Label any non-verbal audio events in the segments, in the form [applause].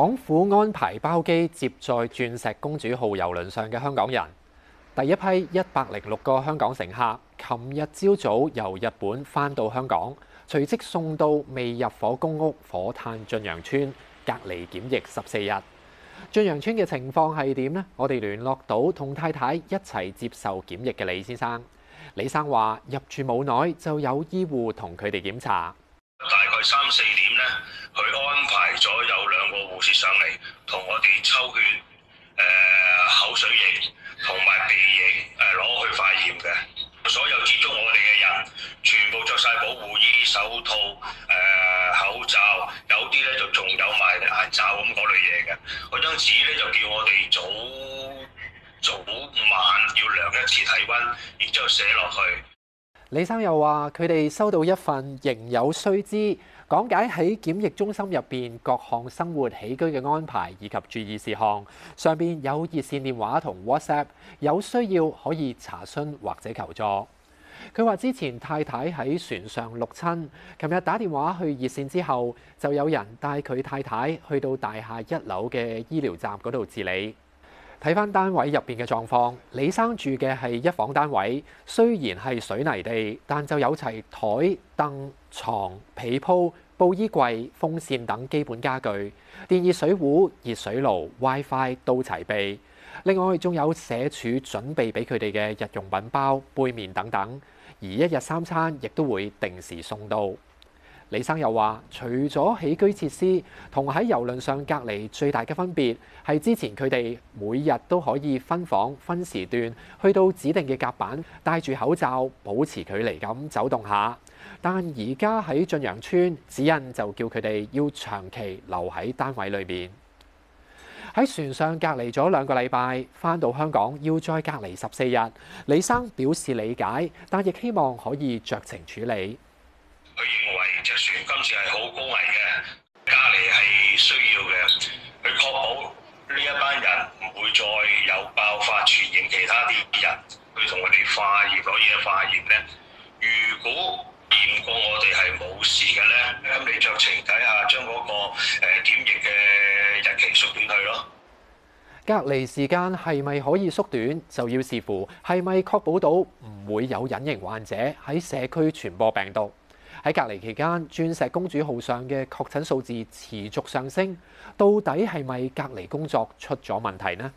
港府安排包機接載鑽石公主號郵輪上嘅香港人，第一批一百零六個香港乘客，琴日朝早由日本翻到香港，隨即送到未入伙公屋火炭駿洋村隔離檢疫十四日。駿洋村嘅情況係點呢？我哋聯絡到同太太一齊接受檢疫嘅李先生，李生話入住冇耐就有醫護同佢哋檢查，大概三四點呢，佢安排咗。護士上嚟同我哋抽血，誒口水型同埋鼻型誒攞去化驗嘅。所有接觸我哋嘅人，全部着晒保護衣、手 [noise] 套樂、誒口罩，有啲咧就仲有埋眼罩咁嗰類嘢嘅。嗰張紙咧就叫我哋早早晚要量一次體温，然之後寫落去。 [music] [music] 李生又話：佢哋收到一份仍有須知，講解喺檢疫中心入邊各項生活起居嘅安排以及注意事項。上邊有熱線電話同 WhatsApp，有需要可以查詢或者求助。佢話之前太太喺船上落親，琴日打電話去熱線之後，就有人帶佢太太去到大廈一樓嘅醫療站嗰度治理。睇翻單位入邊嘅狀況，李生住嘅係一房單位，雖然係水泥地，但就有齊台凳、牀被鋪、布衣櫃、風扇等基本傢俱，電熱水壺、熱水爐、WiFi 都齊備。另外，仲有社署準備俾佢哋嘅日用品包、杯麵等等，而一日三餐亦都會定時送到。李生又話：除咗起居設施同喺遊輪上隔離，最大嘅分別係之前佢哋每日都可以分房分時段去到指定嘅甲板，戴住口罩保持距離咁走動下。但而家喺駿洋邨，指引就叫佢哋要長期留喺單位裏邊。喺船上隔離咗兩個禮拜，返到香港要再隔離十四日。李生表示理解，但亦希望可以酌情處理。隻船今次係好高危嘅，隔離係需要嘅，去確保呢一班人唔會再有爆發傳染其他啲人。去同我哋化驗攞嘢、這個、化驗咧，如果驗過我，我哋係冇事嘅咧，咁你就請睇下將嗰個誒檢疫嘅日期縮短佢咯。隔離時間係咪可以縮短，就要視乎係咪確保到唔會有隱形患者喺社區傳播病毒。喺隔離期間，鑽石公主號上嘅確診數字持續上升，到底係咪隔離工作出咗問題呢？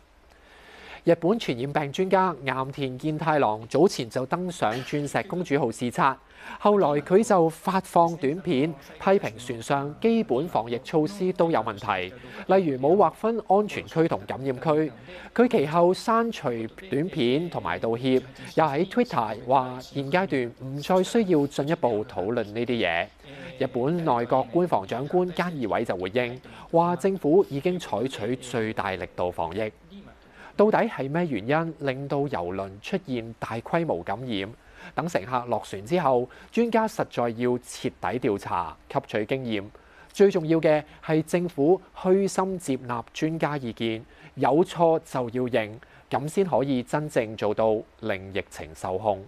日本傳染病專家岩田健太郎早前就登上《鑽石公主號》視察，後來佢就發放短片，批評船上基本防疫措施都有問題，例如冇劃分安全區同感染區。佢其後刪除短片同埋道歉，又喺 Twitter 話現階段唔再需要進一步討論呢啲嘢。日本內閣官房長官菅義偉就回應話，政府已經採取最大力度防疫。到底係咩原因令到郵輪出現大規模感染？等乘客落船之後，專家實在要徹底調查，吸取經驗。最重要嘅係政府虛心接納專家意見，有錯就要認，咁先可以真正做到令疫情受控。